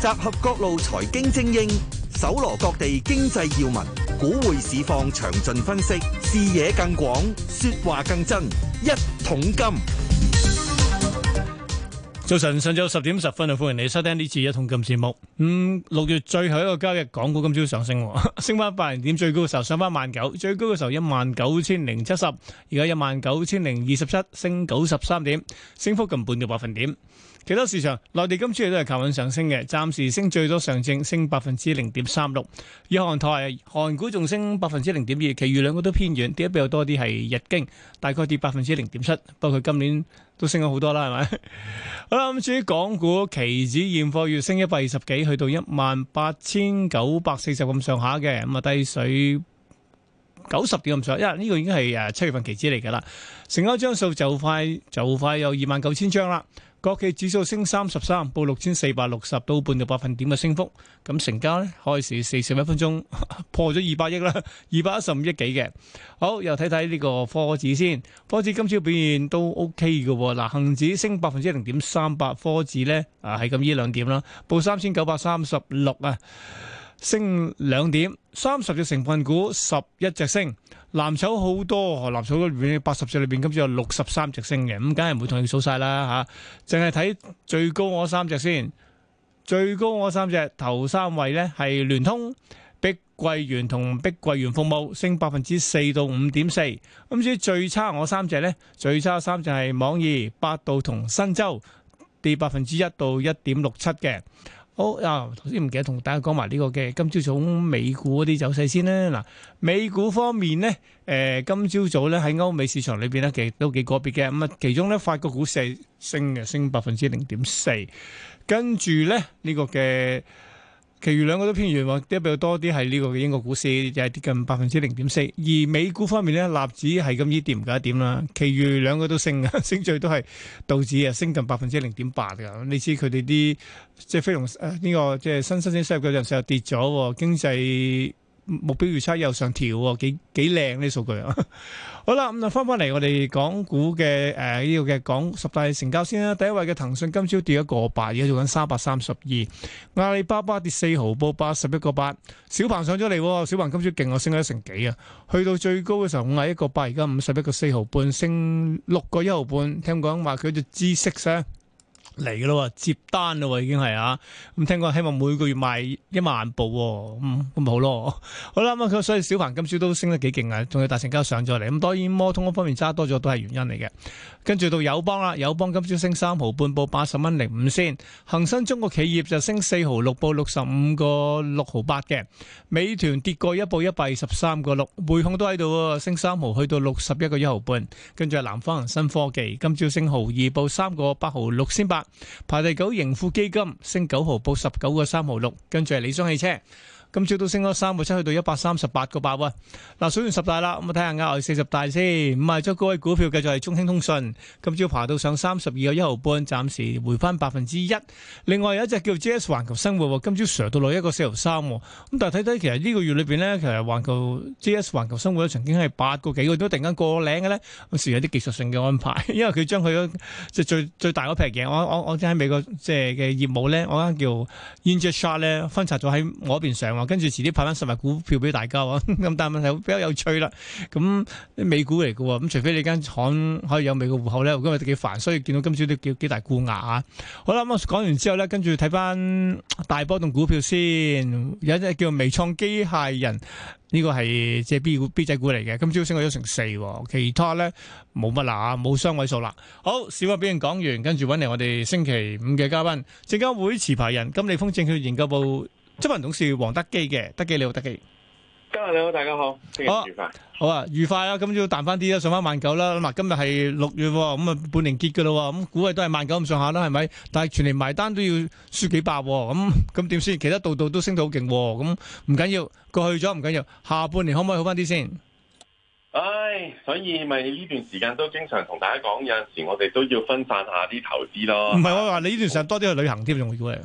集合各路財經精英，搜羅各地經濟要聞，股匯市況詳盡分析，視野更廣，說話更真。一桶金早晨，上晝十點十分啊！歡迎你收聽呢次一桶金節目。咁六月最後一個交易日，港股今朝上升，升翻百零點，最高嘅時候上翻萬九，最高嘅時候一萬九千零七十，而家一萬九千零二十七，升九十三點，升幅近半個百分點。其他市場，內地今朝亦都係求穩上升嘅，暫時升最多上證升百分之零點三六，以韓台韓股仲升百分之零點二，其餘兩個都偏軟跌得比較多啲，係日經大概跌百分之零點七。不過佢今年都升咗 好多啦，係咪好啦？咁至於港股期指現貨，要升一百二十幾，去到一萬八千九百四十咁上下嘅咁啊，低水九十點咁上下，因為呢個已經係誒七月份期指嚟㗎啦。成交張數就快就快有二萬九千張啦。國企指數升三十三，報六千四百六十到半個百分點嘅升幅。咁成交咧，開市四十一分鐘 破咗二百億啦，二百一十五億幾嘅。好，又睇睇呢個科指先。科指今朝表現都 OK 嘅。嗱，恒指升百分之零點三八，科指咧啊係咁依兩點啦，報三千九百三十六啊。升兩點，三十隻成分股十一隻升，藍籌好多，藍籌裏邊八十隻裏邊今朝有六十三隻升嘅，咁梗係唔會同你數晒啦嚇，淨係睇最高嗰三隻先，最高嗰三隻，嗰隻頭三位呢係聯通、碧桂園同碧桂園服務，升百分之四到五點四，咁至於最差嗰三隻呢，最差三隻係網易、百度同新洲，跌百分之一到一點六七嘅。好啊，頭先唔記得同大家講埋呢個嘅今朝早美股嗰啲走勢先啦。嗱，美股方面咧，誒、呃、今朝早咧喺歐美市場裏邊咧，其實都幾個別嘅。咁啊，其中咧法國股市係升嘅，升百分之零點四，跟住咧呢、呢個嘅。其餘兩個都偏軟，跌都比較多啲係呢個嘅英國股市又跌近百分之零點四，而美股方面咧，納指係咁依跌唔夠一點啦，其餘兩個都升嘅，升最都係道指啊升近百分之零點八噶，你知佢哋啲即係非龍誒呢個即係新新鮮收入嘅人士又跌咗，經濟。目標預測又上調喎，幾幾靚呢啲數據啊！ 好啦，咁就翻翻嚟我哋港股嘅誒呢個嘅港十大成交先啦。第一位嘅騰訊今朝跌一個八，而家做緊三百三十二。阿里巴巴跌四毫，報八十一個八。小鵬上咗嚟，小鵬今朝勁我升咗一成幾啊，去到最高嘅時候五十一個八，而家五十一個四毫半，升六個一毫半。聽講話佢做知識升。嚟嘅咯，接單咯、啊，已經係啊！咁聽講希望每個月賣一萬部、啊，咁、嗯、咁好咯、啊。好啦、啊，咁所以小鵬今朝都升得幾勁啊！仲有大成交上咗嚟，咁當然摩通方面揸多咗都係原因嚟嘅。跟住到友邦啦，友邦今朝升三毫半，報八十蚊零五先。恒生中國企業就升四毫六，報六十五個六毫八嘅。美團跌過一報一百二十三個六，匯控都喺度，升三毫去到六十一個一毫半。跟住南方恒生科技今朝升毫二，報三個八毫六先。八。排第九，盈富基金升九毫報十九個三毫六，跟住係理想汽車。今朝都升咗三個七，去到一百三十八個八喎。嗱、啊，數完十大啦，咁啊睇下額外四十大先。唔啊，將各位股票繼續係中興通訊。今朝爬到上三十二個一毫半，暫時回翻百分之一。另外有一隻叫 J.S 環球生活，今朝上到落一個四毫三。咁但係睇睇其實呢個月裏邊呢，其實環球 J.S 環球生活曾經係八個幾個，佢都突然間過領嘅咧，是有啲技術性嘅安排，因為佢將佢嘅即係最最大嗰撇嘢，我我我喺美國即係嘅業務咧，我間叫 i n t h a s h 咧分拆咗喺我嗰邊上。跟住遲啲派翻十萬股票俾大家喎，咁但係問題比較有趣啦。咁美股嚟嘅喎，咁除非你間廠可以有美國戶口咧，我今日幾煩，所以見到今朝都叫幾大鉑牙啊。好啦，咁講完之後咧，跟住睇翻大波動股票先，有一隻叫微創機械人，呢個係即係 B 股 B 仔股嚟嘅，今朝升咗成四。其他咧冇乜啦，冇雙位數啦。好，小麥表現講完，跟住揾嚟我哋星期五嘅嘉賓，證監會持牌人金利豐證券研究部。執行董事黃德幾嘅，德幾你好，德幾，今日你好，大家好，好啊，愉快啊，咁要彈翻啲啦，上翻萬九啦，咁啊，今日係六月，咁啊，半年結噶咯，咁估係都係萬九咁上下啦，係咪？但係全年埋單都要輸幾百，咁咁點先？其他度度都升到好勁，咁唔緊要，過去咗唔緊要，下半年可唔可以好翻啲先？唉，所以咪呢段時間都經常同大家講，有陣時我哋都要分散下啲投資咯。唔係我話你呢段時間多啲去旅行添，仲會嚟。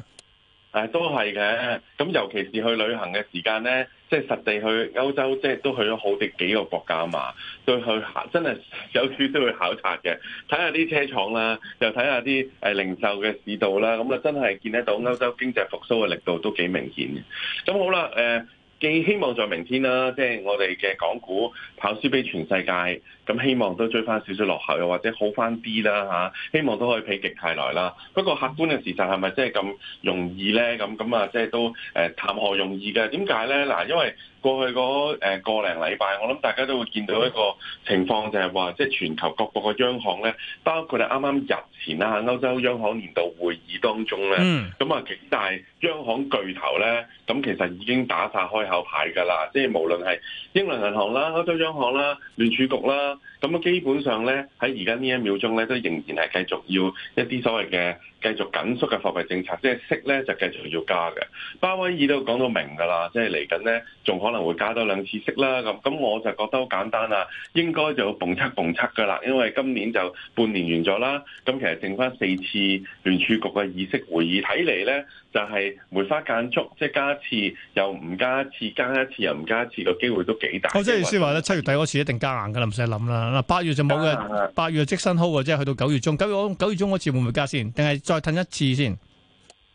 誒都係嘅，咁尤其是去旅行嘅時間呢，即係實地去歐洲，即係都去咗好啲幾個國家嘛，對去考真係有處都會考察嘅，睇下啲車廠啦，又睇下啲誒零售嘅市道啦，咁啊真係見得到歐洲經濟復甦嘅力度都幾明顯嘅，咁好啦，誒、呃。既希望在明天啦，即係我哋嘅港股跑輸俾全世界，咁希望都追翻少少落後，又或者好翻啲啦嚇，希望都可以否極泰來啦。不過，客觀嘅事實係咪真係咁容易呢？咁咁啊，即係都誒，談何容易嘅？點解呢？嗱，因為。過去嗰誒個零禮拜，我諗大家都會見到一個情況，就係，就係話，即係全球各國嘅央行咧，包括你啱啱入前啦，歐洲央行年度會議當中咧，咁啊幾大央行巨頭咧，咁其實已經打晒開口牌㗎啦，即係無論係英倫銀行啦、歐洲央行啦、聯儲局啦。咁啊，基本上咧，喺而家呢一秒鐘咧都仍然係繼續要一啲所謂嘅繼續緊縮嘅貨幣政策，即係息咧就繼續要加嘅。鮑威爾都講到明㗎啦，即係嚟緊咧仲可能會加多兩次息啦。咁咁我就覺得好簡單啊，應該就要蹦測蹦測㗎啦，因為今年就半年完咗啦，咁其實剩翻四次聯儲局嘅議息會議，睇嚟咧就係梅花間竹，即係加一次又唔加一次，加一次又唔加一次個機會都幾大。我即係意思話咧，七月底嗰次一定加硬㗎啦，唔使諗啦。八月就冇嘅，八月即新好，即係去到九月中。九月九月中嗰次會唔會加先？定係再褪一次先？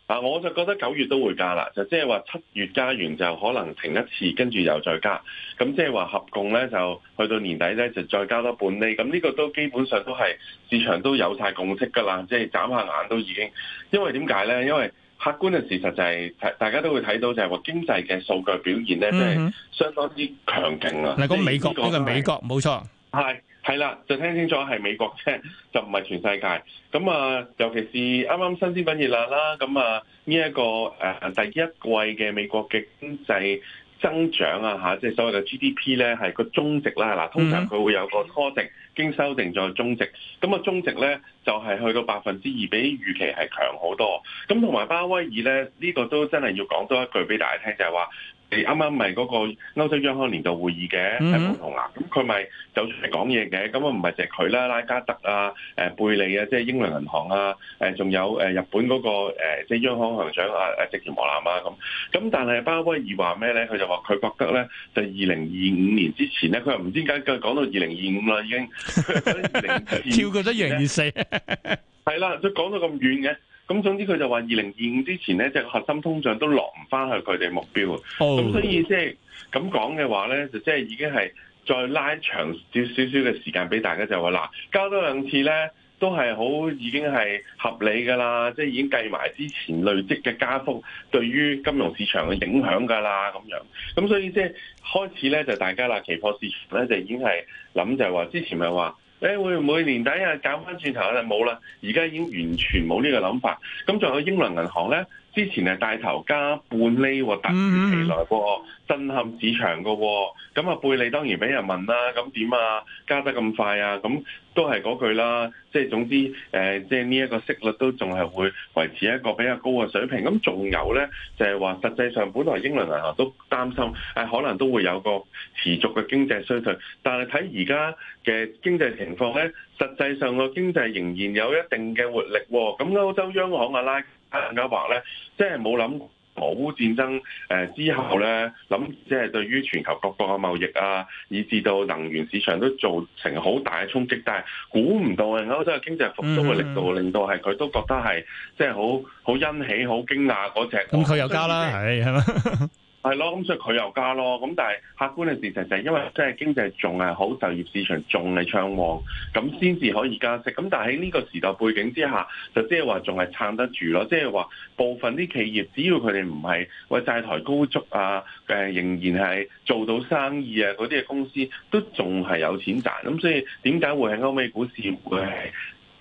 嗱，我就覺得九月都會加啦，就即係話七月加完就可能停一次，跟住又再加。咁即係話合共咧，就去到年底咧就再加多半厘。咁呢個都基本上都係市場都有晒共識噶啦，即係眨下眼都已經。因為點解咧？因為客觀嘅事實就係，大家都會睇到就係話經濟嘅數據表現咧，即係相當之強勁啊。嗱、嗯嗯，講美國，講嘅、就是、美國冇錯，係。係啦，就聽清楚係美國啫，就唔係全世界。咁啊，尤其是啱啱新鮮品熱辣啦，咁啊呢一個誒、呃、第一季嘅美國嘅經濟增長啊嚇，即係所謂嘅 GDP 咧，係、啊個，那個中值啦。嗱，通常佢會有個初值，經修訂再中值。咁啊，中值咧就係、是、去到百分之二，比預期係強好多。咁同埋巴威爾咧，呢、這個都真係要講多一句俾大家聽，就係、是、話。你啱啱咪嗰個歐洲央行年度會議嘅係冇同啊？咁佢咪就嚟講嘢嘅，咁啊唔係淨係佢啦，拉加德啊，誒貝利啊，即係英倫銀行啊，誒仲有誒日本嗰個即係央行行長啊，阿植田和男啊咁，咁但係鮑威爾話咩咧？佢就話佢覺得咧就二零二五年之前咧，佢又唔知點解佢講到二零二五啦已經超 過咗二零二四。係啦，佢講到咁遠嘅，咁總之佢就話二零二五之前咧，即係核心通脹都落唔翻去佢哋目標咁、oh。所以即係咁講嘅話咧，就即係已經係再拉長少少少嘅時間俾大家，就話嗱，加多兩次咧都係好已經係合理㗎啦，即係已經計埋之前累積嘅加幅對於金融市場嘅影響㗎啦，咁樣，咁所以即係開始咧就大家啦，期貨市場咧就已經係諗就係話之前咪話。誒、哎、會唔會年底啊，減翻轉頭就冇啦？而家已經完全冇呢個諗法。咁仲有英倫銀行咧？之前係帶頭加半厘，突如其來喎，震撼市場㗎喎，咁啊貝利當然俾人問啦，咁點啊加得咁快啊？咁都係嗰句啦，即係總之誒、呃，即係呢一個息率都仲係會維持一個比較高嘅水平。咁仲有咧，就係、是、話實際上本來英倫銀行都擔心誒、哎，可能都會有個持續嘅經濟衰退，但係睇而家嘅經濟情況咧。實際上個經濟仍然有一定嘅活力、哦，咁歐洲央行阿拉卡恩加話咧，即係冇諗俄烏戰爭誒、呃、之後咧，諗即係對於全球各國嘅貿易啊，以至到能源市場都造成好大嘅衝擊，但係估唔到啊！歐洲嘅經濟復甦嘅力度，令到係佢都覺得係即係好好欣喜、好驚訝嗰隻。咁佢又加啦，係係嘛？是嗎 係咯，咁所以佢又加咯，咁但係客觀嘅事實就係因為即係經濟仲係好，就業市場仲係暢旺，咁先至可以加息。咁但係喺呢個時代背景之下，就即係話仲係撐得住咯。即係話部分啲企業，只要佢哋唔係為債台高築啊，誒仍然係做到生意啊嗰啲嘅公司，都仲係有錢賺。咁所以點解會喺歐美股市會係？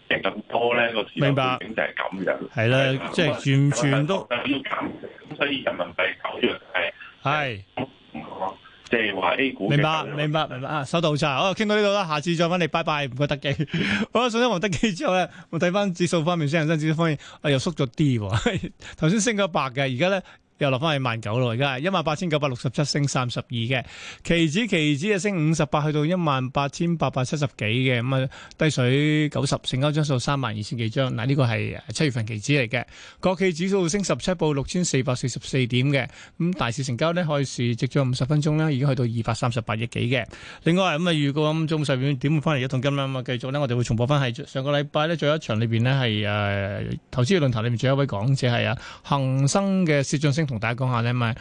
贏咁多咧，那個市場環境就係咁樣，係啦白，即係完全都要減，咁所以人民幣九日係係哦，即係話 A 股。明白，月明白，明白，明白啊！收到好差，好傾到呢度啦，下次再搵嚟，拜拜，唔該 德幾。好啦，首先黃德幾之後咧，我睇翻指數方面先，恒生指數方面啊又縮咗啲，頭先升咗百嘅，而家咧。又落翻去萬九咯，而家係一萬八千九百六十七，升三十二嘅。期指期指就升五十八，去到一萬八千八百七十幾嘅。咁啊，低水九十，成交張數三萬二千幾張。嗱，呢個係七月份期指嚟嘅。國企指數升十七，報六千四百四十四點嘅。咁大市成交咧，開市直咗五十分鐘啦，已經去到二百三十八億幾嘅。另外咁啊，預告咁中午十二點翻嚟一桶金啦，咁啊，繼續呢，我哋會重播翻係上個禮拜呢，最後一場裏邊咧係誒投資論壇裏面最後一位講者係啊恒生嘅市漲升。同大家講下咧，咪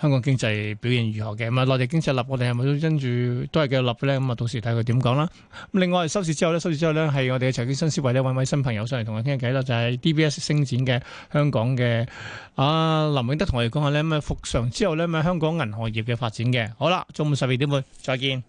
香港經濟表現如何嘅？咪內地經濟立，我哋係咪都跟住都係繼續立嘅咧？咁啊，到時睇佢點講啦。咁另外收市之後咧，收市之後咧係我哋嘅財經新思維呢揾位新朋友上嚟同我傾下偈啦。就係、是、D B S 星展嘅香港嘅啊林永德同我哋講下咧，咪復常之後咧咪香港銀行業嘅發展嘅。好啦，中午十二點半再見。